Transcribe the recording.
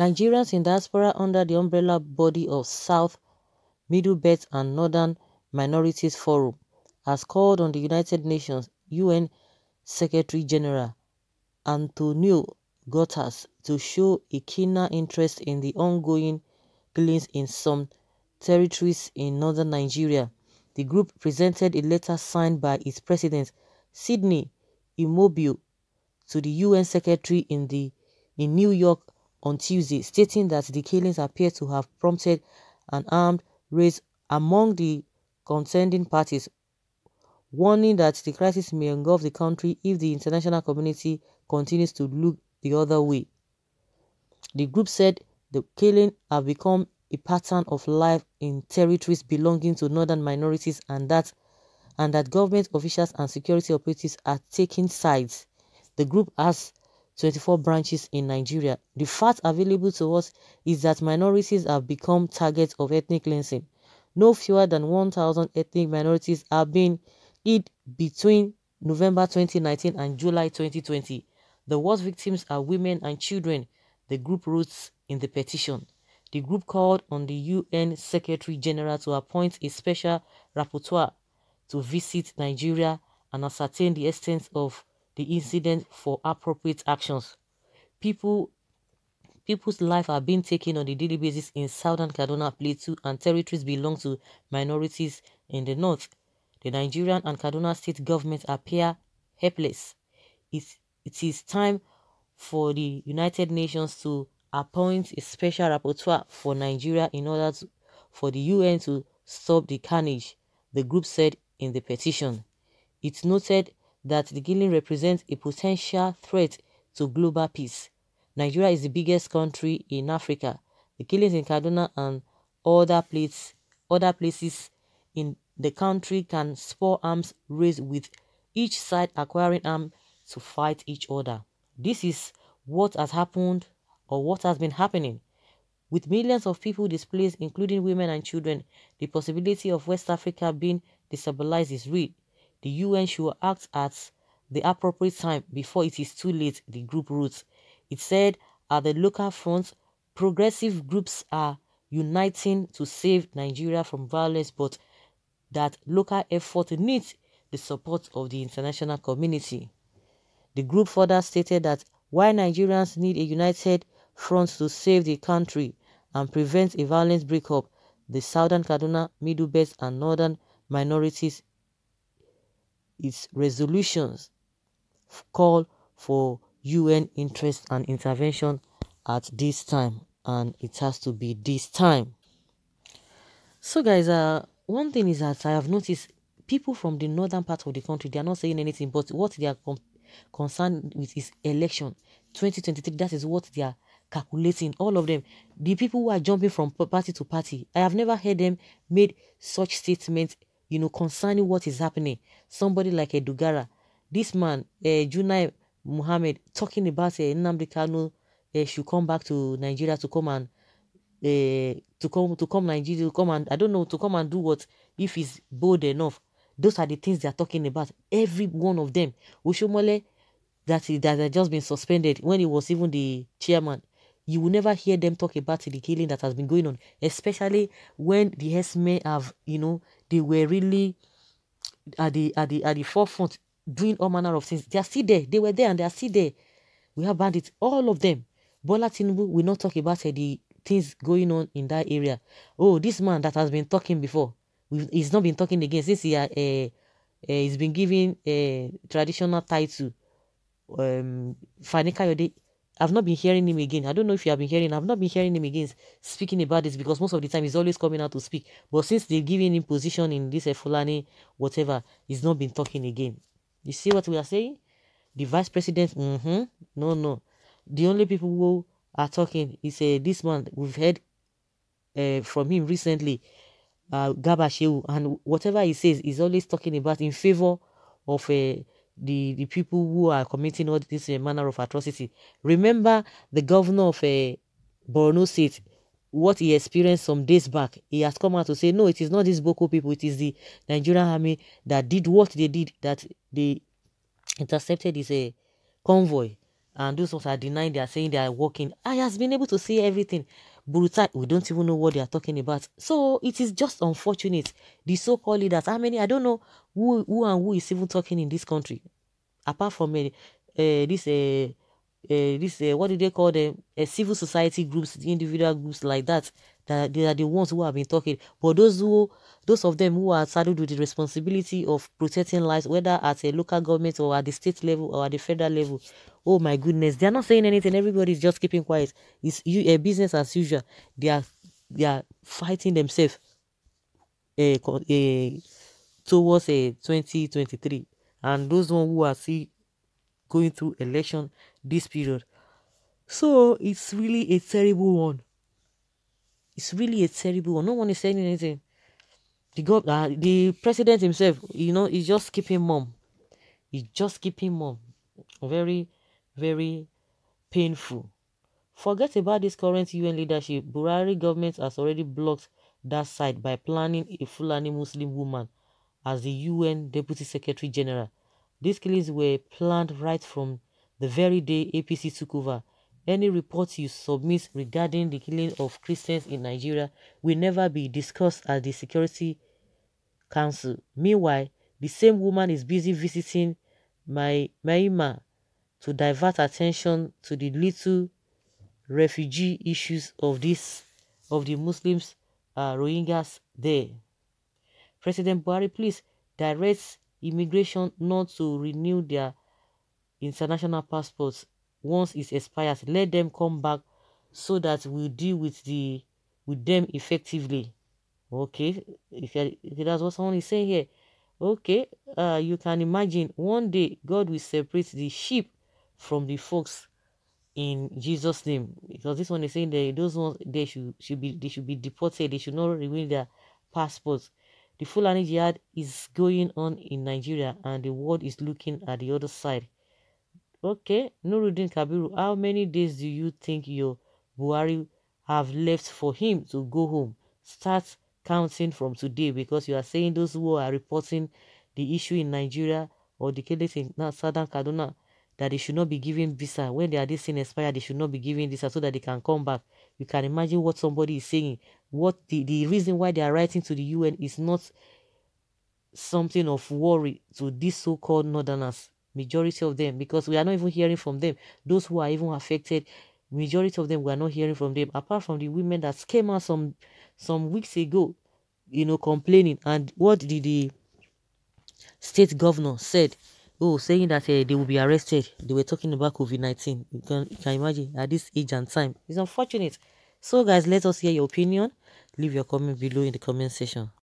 Nigerians in diaspora under the umbrella body of South, Middle Belt and Northern Minorities Forum has called on the United Nations UN Secretary-General Antonio Guterres to show a keener interest in the ongoing killings in some territories in northern Nigeria. The group presented a letter signed by its president, Sidney Immobile, to the UN Secretary in, the, in New York on Tuesday, stating that the killings appear to have prompted an armed race among the contending parties, warning that the crisis may engulf the country if the international community continues to look the other way. The group said the killing have become a pattern of life in territories belonging to northern minorities and that and that government officials and security operatives are taking sides. The group has 24 branches in Nigeria. The fact available to us is that minorities have become targets of ethnic cleansing. No fewer than 1,000 ethnic minorities have been hid between November 2019 and July 2020. The worst victims are women and children, the group wrote in the petition. The group called on the UN Secretary General to appoint a special rapporteur to visit Nigeria and ascertain the extent of the incident for appropriate actions. People people's life are being taken on a daily basis in southern Kaduna Plateau and territories belong to minorities in the north. The Nigerian and Kaduna state governments appear helpless. It, it is time for the United Nations to appoint a special rapporteur for Nigeria in order to, for the UN to stop the carnage, the group said in the petition. It noted that the killing represents a potential threat to global peace. Nigeria is the biggest country in Africa. The killings in Kaduna and other, places, other places in the country can spur arms race with each side acquiring arms to fight each other. This is what has happened or what has been happening. With millions of people displaced, including women and children, the possibility of West Africa being destabilized is real. The UN should act at the appropriate time before it is too late, the group wrote. It said at the local front, progressive groups are uniting to save Nigeria from violence, but that local effort needs the support of the international community. The group further stated that while Nigerians need a united front to save the country and prevent a violent breakup, the southern Kaduna, middle belt and northern minorities its resolutions call for UN interest and intervention at this time and it has to be this time. So guys, uh, one thing is that I have noticed people from the northern part of the country, they are not saying anything, but what they are concerned with is election 2023. That is what they are calculating, all of them. The people who are jumping from party to party, I have never heard them made such statements you know, concerning what is happening. Somebody like a Dugara, this man, uh, eh, Junai Muhammad, talking about uh, Nnamdi Kanu uh, should come back to Nigeria to come and uh, to come to come Nigeria to come and I don't know to come and do what if he's bold enough. Those are the things they are talking about. Every one of them, Oshomole, that he, that had just been suspended when he was even the chairman. You will never hear them talk about the killing that has been going on, especially when the may have, you know, they were really at the at the at the forefront doing all manner of things. They are still there. They were there and they are still there. We have bandits, all of them. Bola Tinubu will not talk about uh, the things going on in that area. Oh, this man that has been talking before, he's not been talking again since he uh, uh, he's been given a traditional title. Um, Fani Kayode I've not been hearing him again. I don't know if you have been hearing. I've not been hearing him again speaking about this because most of the time he's always coming out to speak. But since they've given him position in this Fulani whatever, he's not been talking again. You see what we are saying? The vice president, mm-hmm, no, no. The only people who are talking is uh, this man we've heard uh, from him recently, uh, Shehu, and whatever he says, he's always talking about in favor of a. Uh, the, the people who are committing all this uh, manner of atrocity. Remember the governor of uh, Borno State, what he experienced some days back. He has come out to say, no, it is not these Boko people, it is the Nigerian army that did what they did, that they intercepted his uh, convoy. And those ones are denying, they are saying they are working. I has been able to see everything we don't even know what they are talking about. So it is just unfortunate. The so-called leaders, how many, I don't know who, who and who is even talking in this country. Apart from uh, this, uh, uh, this uh, what do they call them? Uh, civil society groups, the individual groups like that that they are the ones who have been talking. But those who those of them who are saddled with the responsibility of protecting lives, whether at a local government or at the state level or at the federal level, oh my goodness, they are not saying anything. Everybody is just keeping quiet. It's you a business as usual. They are they are fighting themselves uh, uh, towards a uh, eh, 2023 and those one who are see going through election this period so it's really a terrible one it's really a terrible one. No one is saying anything. The God, uh, the president himself, you know, he's just keeping mum. He's just keeping mum. Very, very painful. Forget about this current UN leadership. Burari government has already blocked that side by planning a Fulani Muslim woman as the UN Deputy Secretary General. These killings were planned right from the very day APC took over. Any report you submit regarding the killing of Christians in Nigeria will never be discussed at the Security Council. Meanwhile, the same woman is busy visiting my Maima to divert attention to the little refugee issues of this of the Muslims uh, Rohingyas there. President Buhari, please direct immigration not to renew their international passports once it expires let them come back so that we deal with the with them effectively okay if, if that's what someone is saying here okay uh you can imagine one day god will separate the sheep from the fox in jesus name because this one is saying that those ones they should should be they should be deported they should not renew their passports the full jihad is going on in nigeria and the world is looking at the other side Okay, Nuruddin Kabiru, how many days do you think your Buhari have left for him to go home? Start counting from today because you are saying those who are reporting the issue in Nigeria or the case in Southern Kaduna that they should not be given visa. When they are this they should not be given visa so that they can come back. You can imagine what somebody is saying. What the, the reason why they are writing to the UN is not something of worry to these so-called northerners majority of them because we are not even hearing from them those who are even affected majority of them we are not hearing from them apart from the women that came out some some weeks ago you know complaining and what did the state governor said oh saying that uh, they will be arrested they were talking about covid-19 you can, you can imagine at this age and time it's unfortunate so guys let us hear your opinion leave your comment below in the comment section